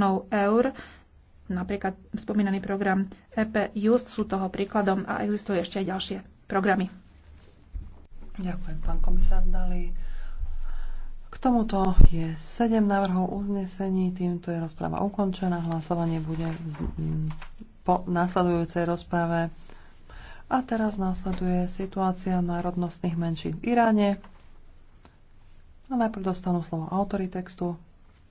miliónov eur. Napríklad spomínaný program EP Just sú toho príkladom a existujú ešte aj ďalšie programy. Ďakujem, pán komisár Dali. K tomuto je 7 návrhov uznesení, týmto je rozpráva ukončená, hlasovanie bude po následujúcej rozprave. A teraz následuje situácia národnostných menšín v Iráne. A najprv dostanú slovo autory textu,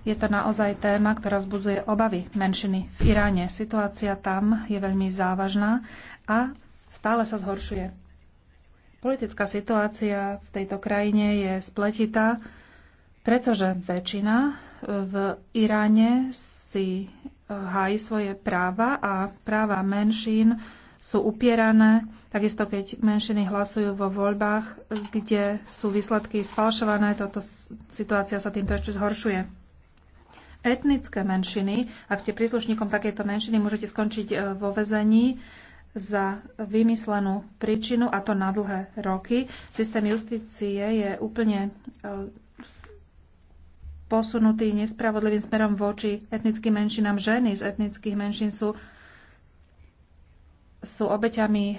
Je to naozaj téma, ktorá vzbudzuje obavy menšiny v Iráne. Situácia tam je veľmi závažná a stále sa zhoršuje. Politická situácia v tejto krajine je spletitá, pretože väčšina e, v Iráne si e, hájí svoje práva a práva menšín sú upierané, takisto keď menšiny hlasujú vo voľbách, e, kde sú výsledky sfalšované, toto situácia sa týmto ešte zhoršuje etnické menšiny. Ak ste príslušníkom takejto menšiny, môžete skončiť e, vo väzení za vymyslenú príčinu, a to na dlhé roky. Systém justície je úplne e, posunutý nespravodlivým smerom voči etnickým menšinám. Ženy z etnických menšín sú, sú obeťami e,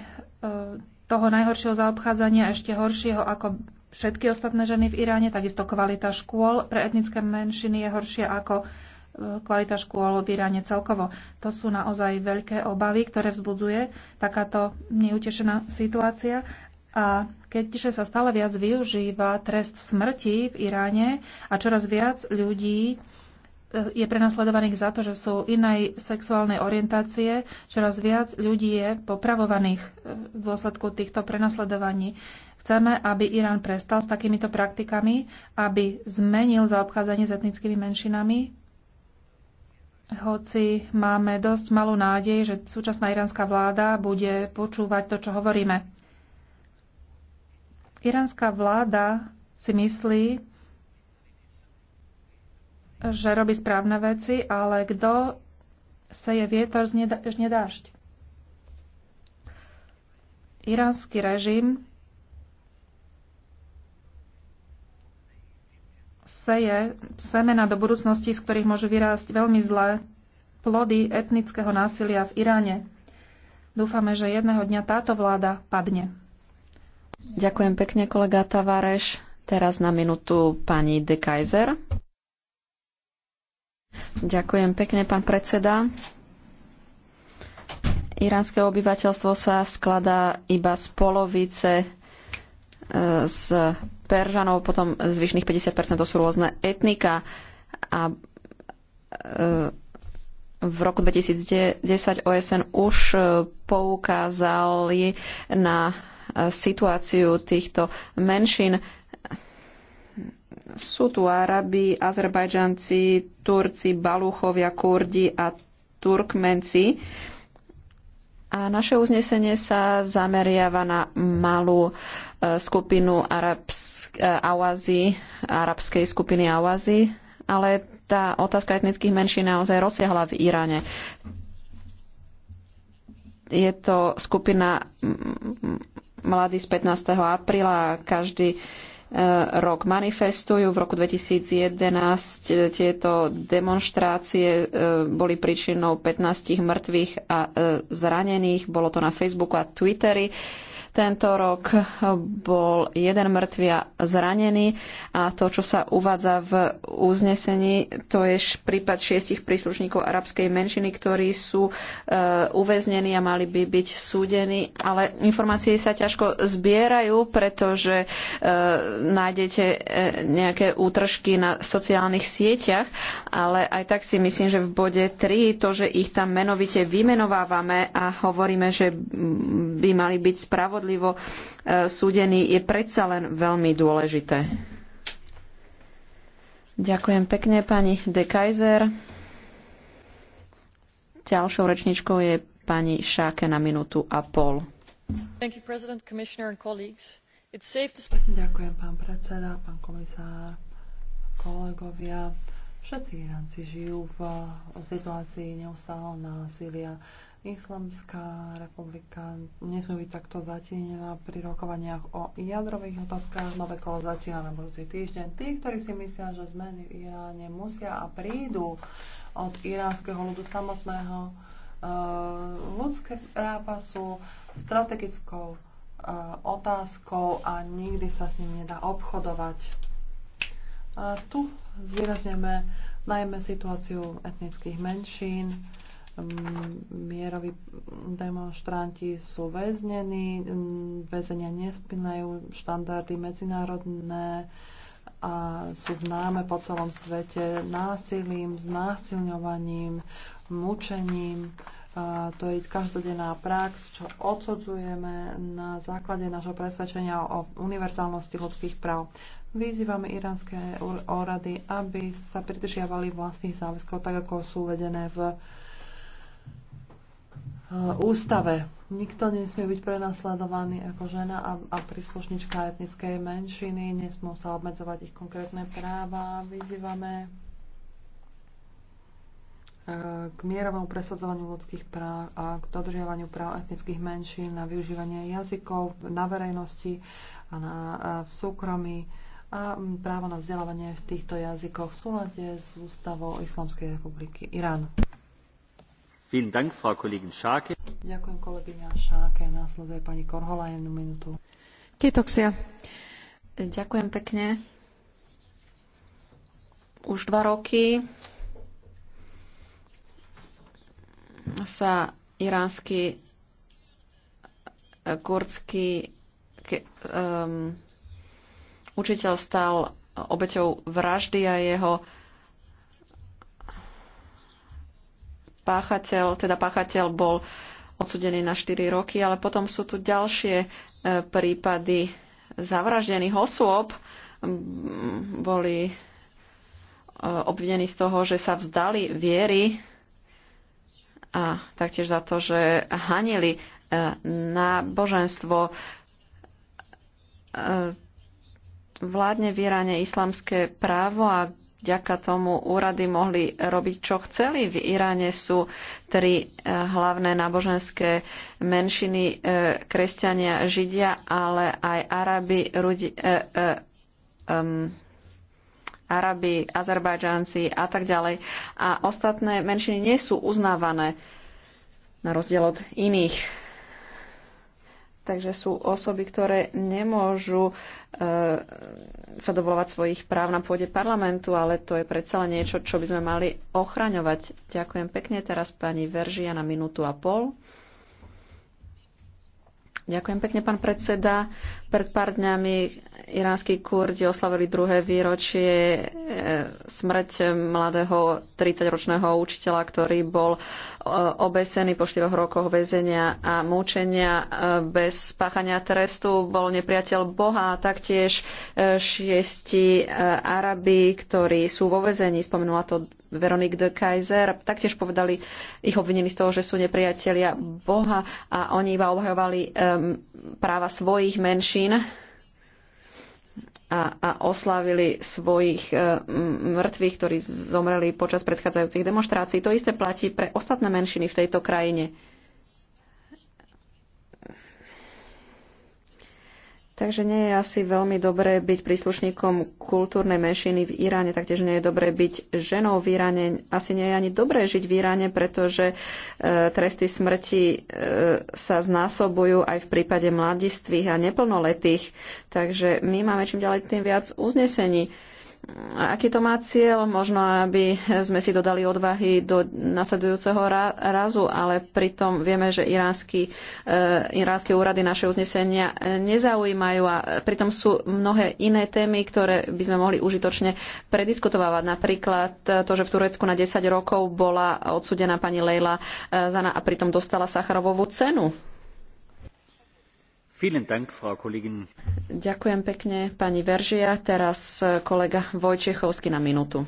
toho najhoršieho zaobchádzania, ešte horšieho ako všetky ostatné ženy v Iráne, takisto kvalita škôl pre etnické menšiny je horšia ako e, kvalita škôl v Iráne celkovo. To sú naozaj veľké obavy, ktoré vzbudzuje takáto neutešená situácia. A keďže sa stále viac využíva trest smrti v Iráne a čoraz viac ľudí e, je prenasledovaných za to, že sú inej sexuálnej orientácie, čoraz viac ľudí je popravovaných e, v dôsledku týchto prenasledovaní. Chceme, aby Irán prestal s takýmito praktikami, aby zmenil zaobchádzanie s etnickými menšinami, hoci máme dosť malú nádej, že súčasná iránska vláda bude počúvať to, čo hovoríme. Iránska vláda si myslí, že robí správne veci, ale kto seje vietor, znie dážď. Iránsky režim seje semena do budúcnosti, z ktorých môžu vyrásť veľmi zlé plody etnického násilia v Iráne. Dúfame, že jedného dňa táto vláda padne. Ďakujem pekne, kolega Tavareš. Teraz na minútu pani De Kaiser. Ďakujem pekne, pán predseda. Iránske obyvateľstvo sa skladá iba z polovice z Peržanov, potom zvyšných 50% to sú rôzne etnika a e, v roku 2010 OSN už e, poukázali na e, situáciu týchto menšín. Sú tu Arabi, Azerbajdžanci, Turci, Baluchovia, Kurdi a Turkmenci a naše uznesenie sa zameriava na malú e, skupinu Arabsk- e, Awazi, arabskej skupiny Awazi, ale tá otázka etnických menší naozaj rozsiahla v Iráne. Je to skupina mladí z 15. apríla a každý rok manifestujú. V roku 2011 e, tieto demonstrácie e, boli príčinou 15 mŕtvych a e, zranených. Bolo to na Facebooku a Twitteri. Tento rok bol jeden mŕtvy a zranený a to, čo sa uvádza v uznesení, to je prípad šiestich príslušníkov arabskej menšiny, ktorí sú e, uväznení a mali by byť súdení, ale informácie sa ťažko zbierajú, pretože e, nájdete e, nejaké útržky na sociálnych sieťach, ale aj tak si myslím, že v bode 3 to, že ich tam menovite vymenovávame a hovoríme, že by mali byť spravodlivé, spravodlivo e, súdený, je predsa len veľmi dôležité. Ďakujem pekne pani De Kaiser. Ďalšou rečničkou je pani Šáke na minútu a pol. You, to... Ďakujem, pán predseda, pán komisár, kolegovia. Všetci Iránci žijú v situácii neustáleho násilia. Islamská republika nesmie byť takto zatienená pri rokovaniach o jadrových otázkach. Nové kolo začína na budúci týždeň. Tí, ktorí si myslia, že zmeny v Iráne musia a prídu od iránskeho ľudu samotného, eh, ľudské práva sú strategickou eh, otázkou a nikdy sa s ním nedá obchodovať. A tu zvýrazňujeme najmä situáciu etnických menšín, mieroví demonstranti sú väznení, väzenia nespínajú štandardy medzinárodné a sú známe po celom svete násilím, znásilňovaním, mučením. A to je každodenná prax, čo odsudzujeme na základe nášho presvedčenia o univerzálnosti ľudských práv. Vyzývame iránske úrady, aby sa pridržiavali vlastných záväzkov, tak ako sú vedené v Eh, ústave. Nikto nesmie byť prenasledovaný ako žena a, a príslušnička etnickej menšiny, nesmú sa obmedzovať ich konkrétne práva. Vyzývame eh, k mierovému presadzovaniu ľudských práv a k dodržiavaniu práv etnických menšín, na využívanie jazykov na verejnosti a, na, a eh, v súkromí a mm, právo na vzdelávanie v týchto jazykoch v súlade s ústavou Islamskej republiky Irán. Ďakujem kolegyňa pani jednu Ďakujem pekne. Už dva roky sa iránsky eh, kurdský um, učiteľ stal obeťou vraždy a jeho páchateľ, teda páchateľ bol odsudený na 4 roky, ale potom sú tu ďalšie e, prípady zavraždených osôb. Boli e, obvinení z toho, že sa vzdali viery a taktiež za to, že hanili e, na boženstvo. Vládne v Iráne islamské právo a vďaka tomu úrady mohli robiť, čo chceli. V Iráne sú tri eh, hlavné náboženské menšiny, eh, kresťania, židia, ale aj Arabi, rudi, eh, eh, um, Arabi, Azerbajdžanci a tak ďalej. A ostatné menšiny nie sú uznávané na rozdiel od iných Takže sú osoby, ktoré nemôžu e, sa dovolovať svojich práv na pôde parlamentu, ale to je predsa len niečo, čo by sme mali ochraňovať. Ďakujem pekne. Teraz pani Veržia na minútu a pol. Ďakujem pekne, pán predseda. Pred pár dňami iránsky kurdi oslavili druhé výročie e, smrť mladého 30-ročného učiteľa, ktorý bol e, obesený po 4 rokoch väzenia a mučenia e, bez spáchania trestu. Bol nepriateľ Boha a taktiež šiesti Arabi, ktorí sú vo väzení. Spomenula to Veronique de Kaiser taktiež povedali, ich obvinili z toho, že sú nepriatelia Boha a oni iba obhajovali um, práva svojich menšín a, a oslavili svojich um, mŕtvych, ktorí zomreli počas predchádzajúcich demonstrácií. To isté platí pre ostatné menšiny v tejto krajine. Takže nie je asi veľmi dobré byť príslušníkom kultúrnej menšiny v Iráne, taktiež nie je dobré byť ženou v Iráne. Asi nie je ani dobré žiť v Iráne, pretože e, tresty smrti e, sa znásobujú aj v prípade mladistvých a neplnoletých. Takže my máme čím ďalej tým viac uznesení. E, aký to má cieľ, možno aby sme si dodali odvahy do nasledujúceho razu, ale pritom vieme, že iránsky, eh, iránske úrady naše uznesenia nezaujímajú a pritom sú mnohé iné témy, ktoré by sme mohli užitočne prediskutovať. Napríklad to, že v Turecku na 10 rokov bola odsudená pani Leila eh, Zana a pritom dostala Sacharovovú cenu. Ďakujem pekne, pani Veržia. Teraz e, kolega Vojčechovský na minútu.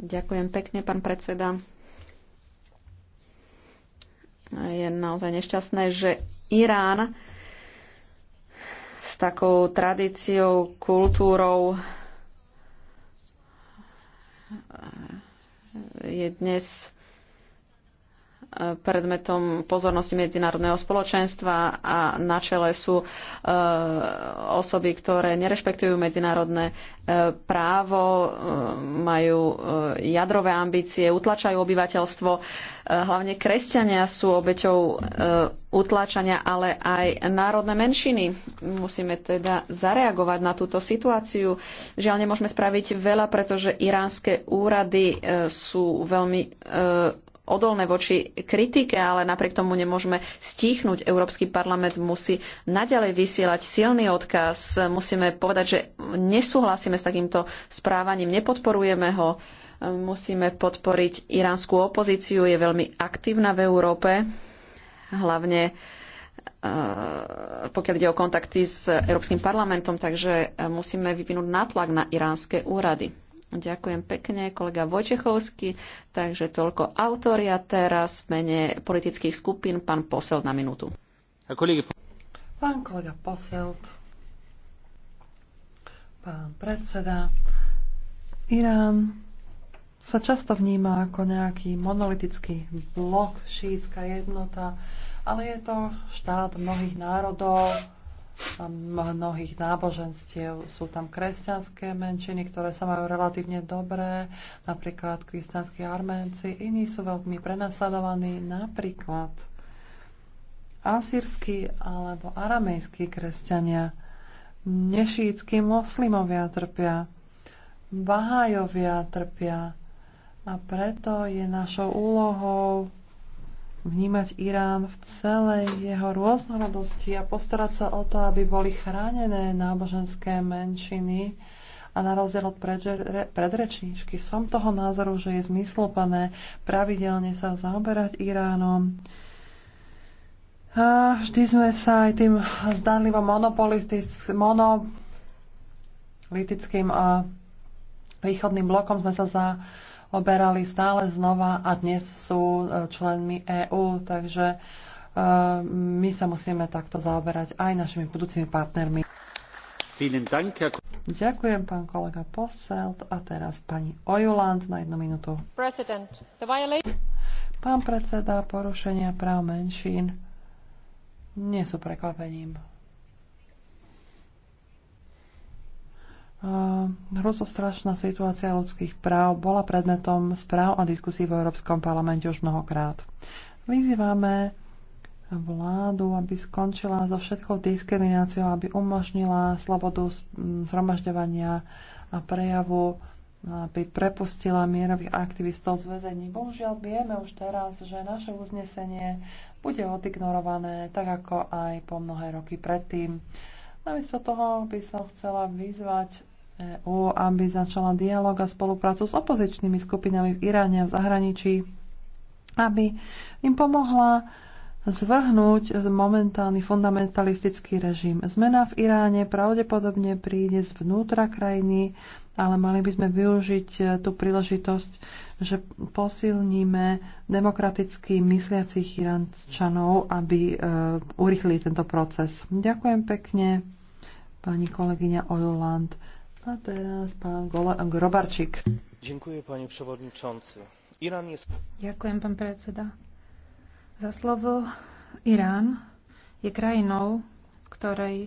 Ďakujem pekne, pán predseda. Je naozaj nešťastné, že Irán s takou tradíciou, kultúrou e, je dnes predmetom pozornosti medzinárodného spoločenstva a na čele sú e, osoby, ktoré nerešpektujú medzinárodné e, právo, e, majú jadrové ambície, utlačajú obyvateľstvo. Hlavne kresťania sú obeťou utlačania, ale aj národné menšiny. Musíme teda zareagovať na túto situáciu. Žiaľ, nemôžeme spraviť veľa, pretože iránske úrady sú veľmi odolné voči kritike, ale napriek tomu nemôžeme stíchnuť. Európsky parlament musí naďalej vysielať silný odkaz. Musíme povedať, že nesúhlasíme s takýmto správaním, nepodporujeme ho. Musíme podporiť iránsku opozíciu, je veľmi aktívna v Európe, hlavne e, pokiaľ ide o kontakty s Európskym parlamentom, takže musíme vyvinúť nátlak na iránske úrady. Ďakujem pekne, kolega Vojčechovský. Takže toľko autoria teraz v mene politických skupín. Pán Posel na minútu. Pán kolega Poselt, pán predseda, Irán sa často vníma ako nejaký monolitický blok, šítska jednota, ale je to štát mnohých národov, mnohých náboženstiev. Sú tam kresťanské menšiny, ktoré sa majú relatívne dobré, napríklad kresťanskí arménci. Iní sú veľmi prenasledovaní, napríklad asýrsky alebo aramejskí kresťania. nešícky moslimovia trpia, bahájovia trpia a preto je našou úlohou vnímať Irán v celej jeho rôznorodosti a postarať sa o to, aby boli chránené náboženské menšiny. A na rozdiel od predrečníčky som toho názoru, že je zmyslopané pravidelne sa zaoberať Iránom. A vždy sme sa aj tým zdanlivo monopolitickým a východným blokom sme sa za oberali stále znova a dnes sú e, členmi EÚ, takže e, my sa musíme takto zaoberať aj našimi budúcimi partnermi. Ďakujem, pán kolega Posselt. A teraz pani Ojuland na jednu minútu. Pán predseda, porušenia práv menšín nie sú prekvapením. hrozostrašná ehm, situácia ľudských práv bola predmetom správ a diskusí v Európskom parlamente už mnohokrát. Vyzývame vládu, aby skončila so všetkou diskrimináciou, aby umožnila slobodu zhromažďovania a prejavu, aby prepustila mierových aktivistov z vedení. Bohužiaľ vieme už teraz, že naše uznesenie bude odignorované, tak ako aj po mnohé roky predtým. Namiesto toho by som chcela vyzvať EÚ, aby začala dialog a spoluprácu s opozičnými skupinami v Iráne a v zahraničí, aby im pomohla zvrhnúť momentálny fundamentalistický režim. Zmena v Iráne pravdepodobne príde zvnútra krajiny, ale mali by sme využiť e, tú príležitosť, že posilníme demokraticky mysliacich Iránčanov, aby e, urychlili tento proces. Ďakujem pekne, pani kolegyňa Ojuland. A teraz pán Grobarčík. Ďakujem, pani przewodniczący. Irán je... Ďakujem, pán predseda. Za slovo Irán je krajinou, ktorej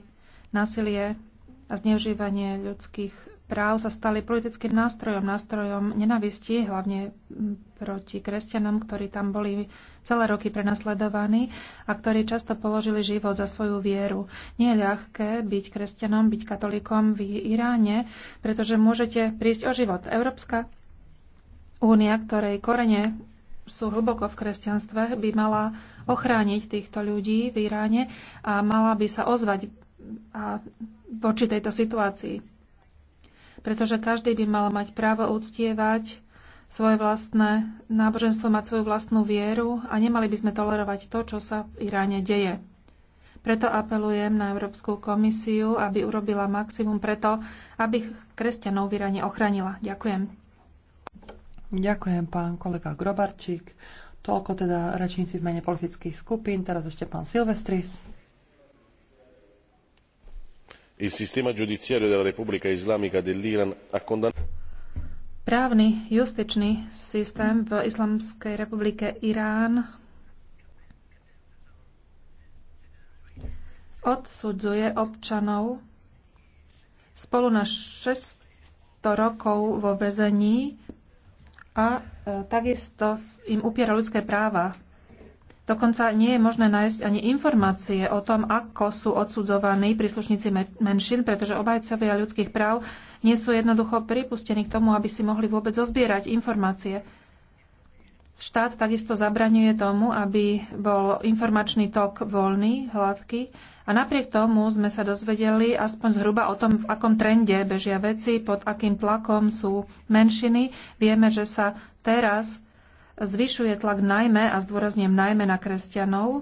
násilie a zneužívanie ľudských práv sa stali politickým nástrojom, nástrojom nenavisti, hlavne proti kresťanom, ktorí tam boli celé roky prenasledovaní a ktorí často položili život za svoju vieru. Nie je ľahké byť kresťanom, byť katolíkom v Iráne, pretože môžete prísť o život. Európska únia, ktorej korene sú hlboko v kresťanstve, by mala ochrániť týchto ľudí v Iráne a mala by sa ozvať a voči tejto situácii pretože každý by mal mať právo uctievať svoje vlastné náboženstvo, mať svoju vlastnú vieru a nemali by sme tolerovať to, čo sa v Iráne deje. Preto apelujem na Európsku komisiu, aby urobila maximum preto, aby kresťanov v Iráne ochránila. Ďakujem. Ďakujem, pán kolega Grobarčík. Toľko teda rečníci v mene politických skupín. Teraz ešte pán Silvestris il sistema giudiziario della Repubblica Islamica dell'Iran ha condannato Právny justičný systém v Islamskej republike Irán odsudzuje občanov spolu na 600 rokov vo vezení a e, takisto im upiera ľudské práva. Dokonca nie je možné nájsť ani informácie o tom, ako sú odsudzovaní príslušníci menšín, pretože obhajcovia ľudských práv nie sú jednoducho pripustení k tomu, aby si mohli vôbec zozbierať informácie. Štát takisto zabraňuje tomu, aby bol informačný tok voľný, hladký. A napriek tomu sme sa dozvedeli aspoň zhruba o tom, v akom trende bežia veci, pod akým tlakom sú menšiny. Vieme, že sa teraz zvyšuje tlak najmä, a zdôrazňujem najmä na kresťanov, e,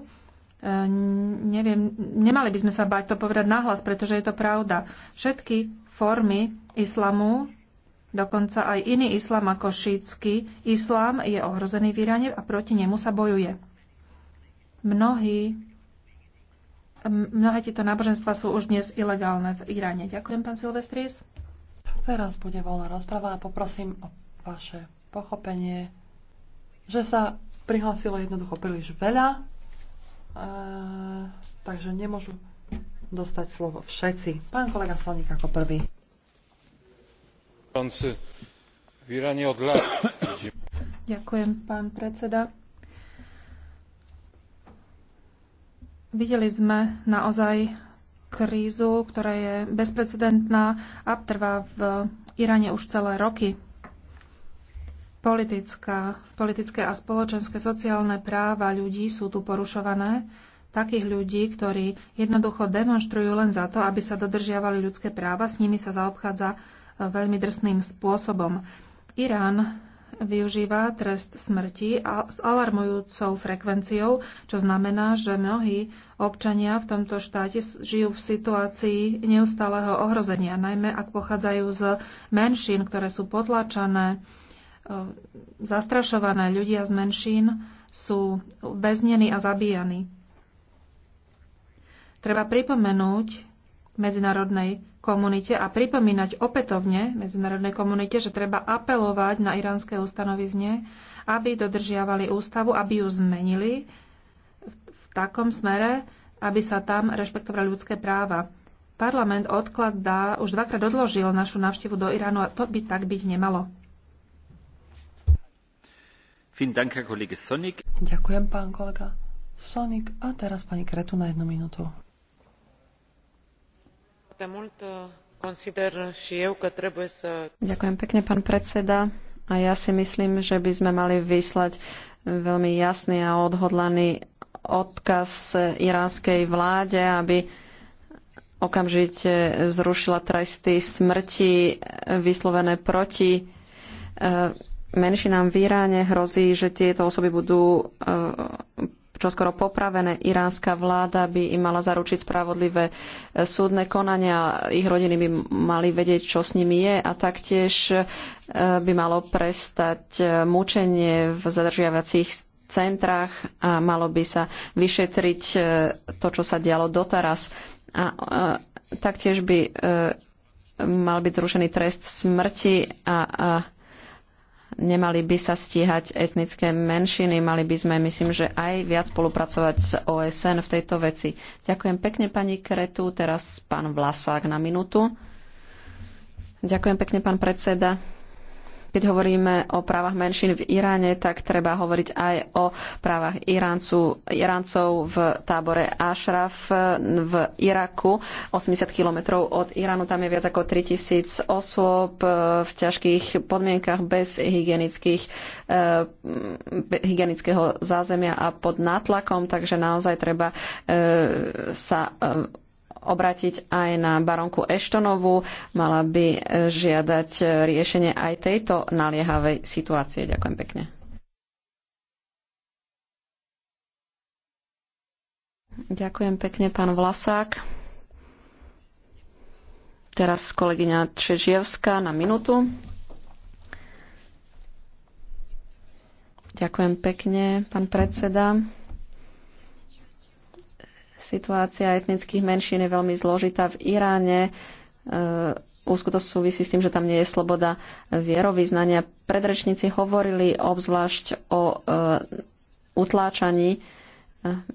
neviem, nemali by sme sa bať to povedať nahlas, pretože je to pravda. Všetky formy islamu, dokonca aj iný islam ako šítsky, islám je ohrozený v Iráne a proti nemu sa bojuje. Mnohí, mnohé tieto náboženstva sú už dnes ilegálne v Iráne. Ďakujem, pán Silvestris. Teraz bude voľná rozpráva a poprosím o vaše pochopenie že sa prihlásilo jednoducho príliš veľa, e, takže nemôžu dostať slovo všetci. Pán kolega Solník ako prvý. Ďakujem, pán predseda. Videli sme naozaj krízu, ktorá je bezprecedentná a trvá v Iráne už celé roky politická, politické a spoločenské sociálne práva ľudí sú tu porušované, takých ľudí, ktorí jednoducho demonstrujú len za to, aby sa dodržiavali ľudské práva, s nimi sa zaobchádza e, veľmi drsným spôsobom. Irán využíva trest smrti a s alarmujúcou frekvenciou, čo znamená, že mnohí občania v tomto štáte žijú v situácii neustáleho ohrozenia, najmä ak pochádzajú z menšín, ktoré sú potlačané, Ehm, zastrašované. Ľudia z menšín sú beznení a zabíjani. Treba pripomenúť medzinárodnej komunite a pripomínať opätovne medzinárodnej komunite, že treba apelovať na iránske ustanovizne, aby dodržiavali ústavu, aby ju zmenili v takom smere, aby sa tam rešpektovali ľudské práva. Parlament odkladá, už dvakrát odložil našu návštevu do Iránu a to by tak byť nemalo. Ďakujem, pán kolega Sonik. A teraz pani Kretu na jednu minútu. Eh, Ďakujem pekne, pán predseda. A ja si myslím, že by sme mali vyslať veľmi jasný a odhodlaný odkaz iránskej vláde, aby okamžite zrušila tresty smrti vyslovené proti eh, menšinám v Iráne hrozí, že tieto osoby budú eh, čoskoro popravené. Iránska vláda by im mala zaručiť spravodlivé eh, súdne konania, ich rodiny by mali vedieť, čo s nimi je a taktiež eh, by malo prestať mučenie v zadržiavacích centrách a malo by sa vyšetriť to, čo sa dialo doteraz. A taktiež by mal byť zrušený trest smrti a, a Nemali by sa stíhať etnické menšiny, mali by sme, myslím, že aj viac spolupracovať s OSN v tejto veci. Ďakujem pekne pani Kretu, teraz pán Vlasák na minútu. Ďakujem pekne, pán predseda. Keď hovoríme o právach menšín v Iráne, tak treba hovoriť aj o právach Iráncu, Iráncov v tábore Ashraf v Iraku, 80 kilometrov od Iránu. Tam je viac ako 3000 osôb eh, v ťažkých podmienkach bez hygienických, eh, hygienického zázemia a pod nátlakom, takže naozaj treba eh, sa obrátiť aj na baronku Eštonovú. Mala by e, žiadať e, riešenie aj tejto naliehavej situácie. Ďakujem pekne. Ďakujem pekne, pán Vlasák. Teraz kolegyňa Čežievská na minútu. Ďakujem pekne, pán predseda. Situácia etnických menšín je veľmi zložitá v Iráne. E, úzko to súvisí s tým, že tam nie je sloboda vierovýznania. Predrečníci hovorili obzvlášť o e, utláčaní e,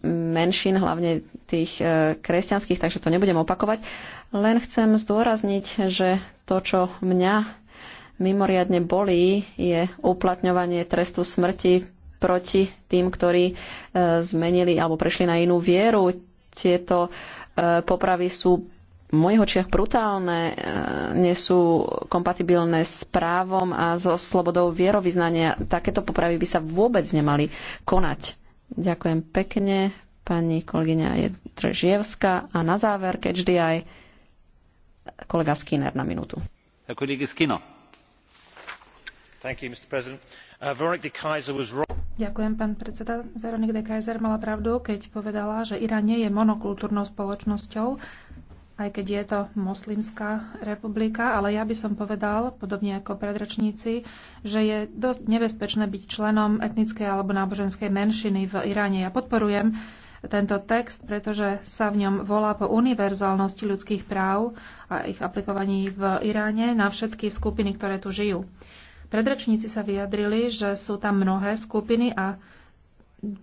menšín, hlavne tých kresťanských, takže to nebudem opakovať. Len chcem zdôrazniť, že to, čo mňa mimoriadne bolí, je uplatňovanie trestu smrti proti tým, ktorí zmenili alebo prešli na inú vieru. Tieto e, popravy sú v mojich očiach brutálne, e, nie sú kompatibilné s právom a so slobodou vierovýznania. Takéto popravy by sa vôbec nemali konať. Ďakujem pekne, pani kolegyňa Jedržievska. A na záver, keď vždy aj kolega Skinner na minútu. You, Uh, Ďakujem, pán predseda. Veronik de Kaiser mala pravdu, keď povedala, že Irán nie je monokultúrnou spoločnosťou, aj keď je to moslimská republika, ale ja by som povedal, podobne ako predrečníci, že je dosť nebezpečné byť členom etnickej alebo náboženskej menšiny v Iráne. Ja podporujem tento text, pretože sa v ňom volá po univerzálnosti ľudských práv a ich aplikovaní v Iráne na všetky skupiny, ktoré tu žijú. Predračníci sa vyjadrili, že sú tam mnohé skupiny a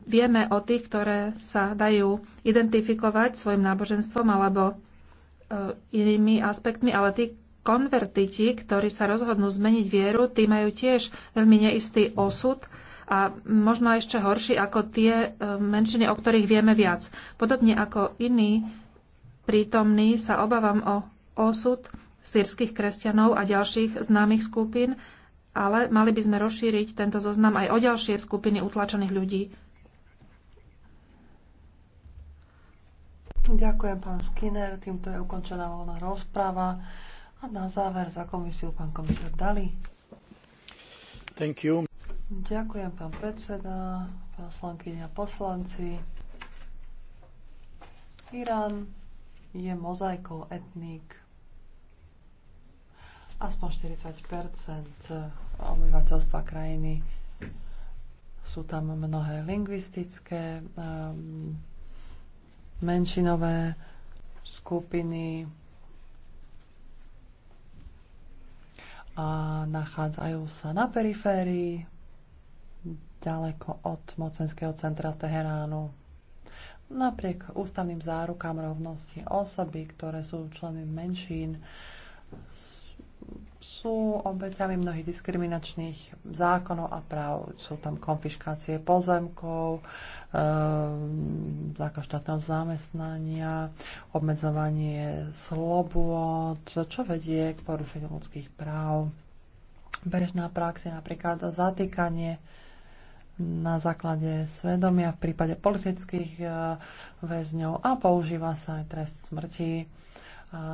vieme o tých, ktoré sa dajú identifikovať svojim náboženstvom alebo e, inými aspektmi, ale tí konvertiti, ktorí sa rozhodnú zmeniť vieru, tí majú tiež veľmi neistý osud a možno ešte horší ako tie e, menšiny, o ktorých vieme viac. Podobne ako iní prítomní sa obávam o osud sírskych kresťanov a ďalších známych skupín, ale mali by sme rozšíriť tento zoznam aj o ďalšie skupiny utlačených ľudí. Ďakujem, pán Skinner. Týmto je ukončená voľná rozpráva. A na záver za komisiu pán komisár Dali. Thank you. Ďakujem, pán predseda, poslankyňa, poslanci. Irán je mozaikou etník aspoň 40 obyvateľstva krajiny. Sú tam mnohé lingvistické, ehm, menšinové skupiny a nachádzajú sa na periférii, ďaleko od mocenského centra Teheránu. Napriek ústavným zárukám rovnosti osoby, ktoré sú členmi menšín, sú obeťami mnohých diskriminačných zákonov a práv. Sú tam konfiškácie pozemkov, e, eh, zákon štátneho zamestnania, obmedzovanie slobôd, čo vedie k porušeniu ľudských práv. Bežná prax je napríklad zatýkanie na základe svedomia v prípade politických eh, väzňov a používa sa aj trest smrti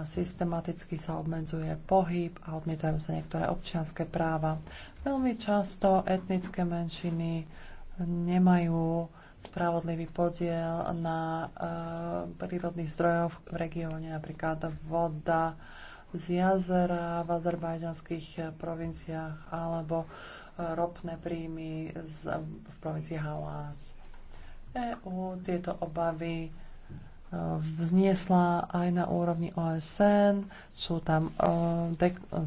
systematicky sa obmedzuje pohyb a odmietajú sa niektoré občianské práva. Veľmi často etnické menšiny nemajú spravodlivý podiel na e, prírodných zdrojoch v regióne, napríklad voda z jazera v azerbajdžanských provinciách alebo e, ropné príjmy z, v provincii Halas. EU tieto obavy vzniesla aj na úrovni OSN. Sú tam, eh, dek- eh,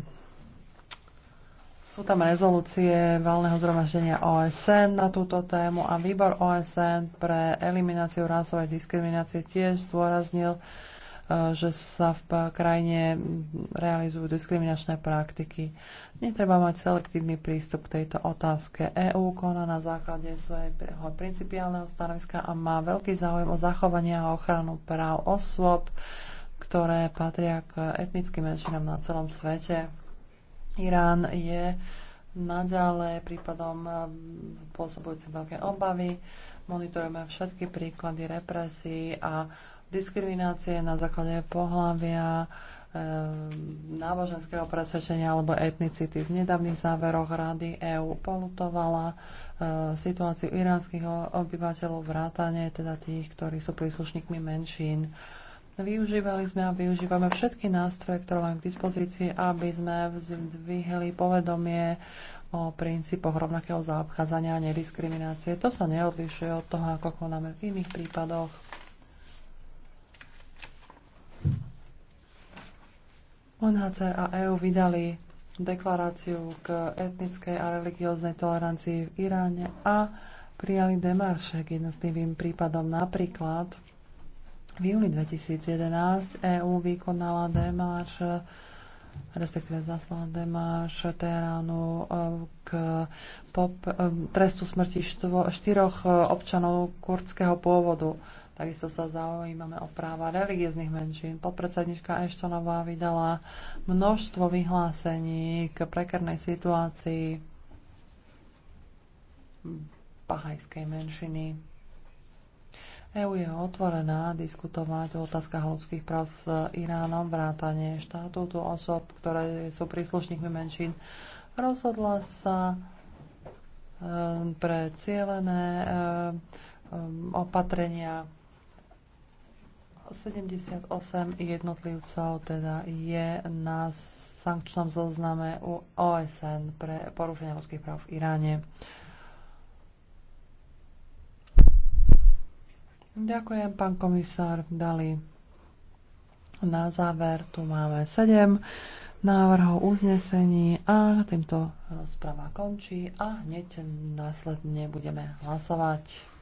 sú tam rezolúcie valného zhromaždenia OSN na túto tému a výbor OSN pre elimináciu rasovej diskriminácie tiež zdôraznil, Eh, že sa v krajine realizujú diskriminačné praktiky. Netreba mať selektívny prístup k tejto otázke. EÚ koná na základe svojho principiálneho stanoviska a má veľký záujem o zachovanie a ochranu práv osôb, ktoré patria k etnickým menšinám na celom svete. Irán je naďalej prípadom eh, spôsobujúcim veľké obavy. Monitorujeme všetky príklady represí a diskriminácie na základe pohľavia, náboženského presvedčenia alebo etnicity. V nedávnych záveroch Rady EÚ polutovala situáciu iránskych obyvateľov vrátane, teda tých, ktorí sú príslušníkmi menšín. Využívali sme a využívame všetky nástroje, ktoré máme k dispozícii, aby sme vzdvihli povedomie o princípoch rovnakého zaobchádzania a nediskriminácie. To sa neodlišuje od toho, ako konáme v iných prípadoch. UNHCR a EU vydali deklaráciu k etnickej a religióznej tolerancii v Iráne a prijali demarše k jednotlivým prípadom. Napríklad v júni 2011 EÚ vykonala demarš, respektíve zaslala demarš Teheránu e, k pop, e, trestu smrti štvo, štyroch e, občanov kurdského pôvodu. Takisto sa zaujímame o práva religióznych menšín. Podpredsednička Eštonová vydala množstvo vyhlásení k prekernej situácii bahajskej menšiny. EU je otvorená diskutovať o otázkach ľudských práv s Iránom, vrátane tu osob, ktoré sú príslušníkmi menšín. Rozhodla sa e, pre cieľené e, e, opatrenia 78 jednotlivcov teda je na sankčnom zozname u OSN pre porušenie ľudských práv v Iráne. Ďakujem, pán komisár Dali. Na záver tu máme 7 návrhov uznesení a týmto správa končí a hneď následne budeme hlasovať.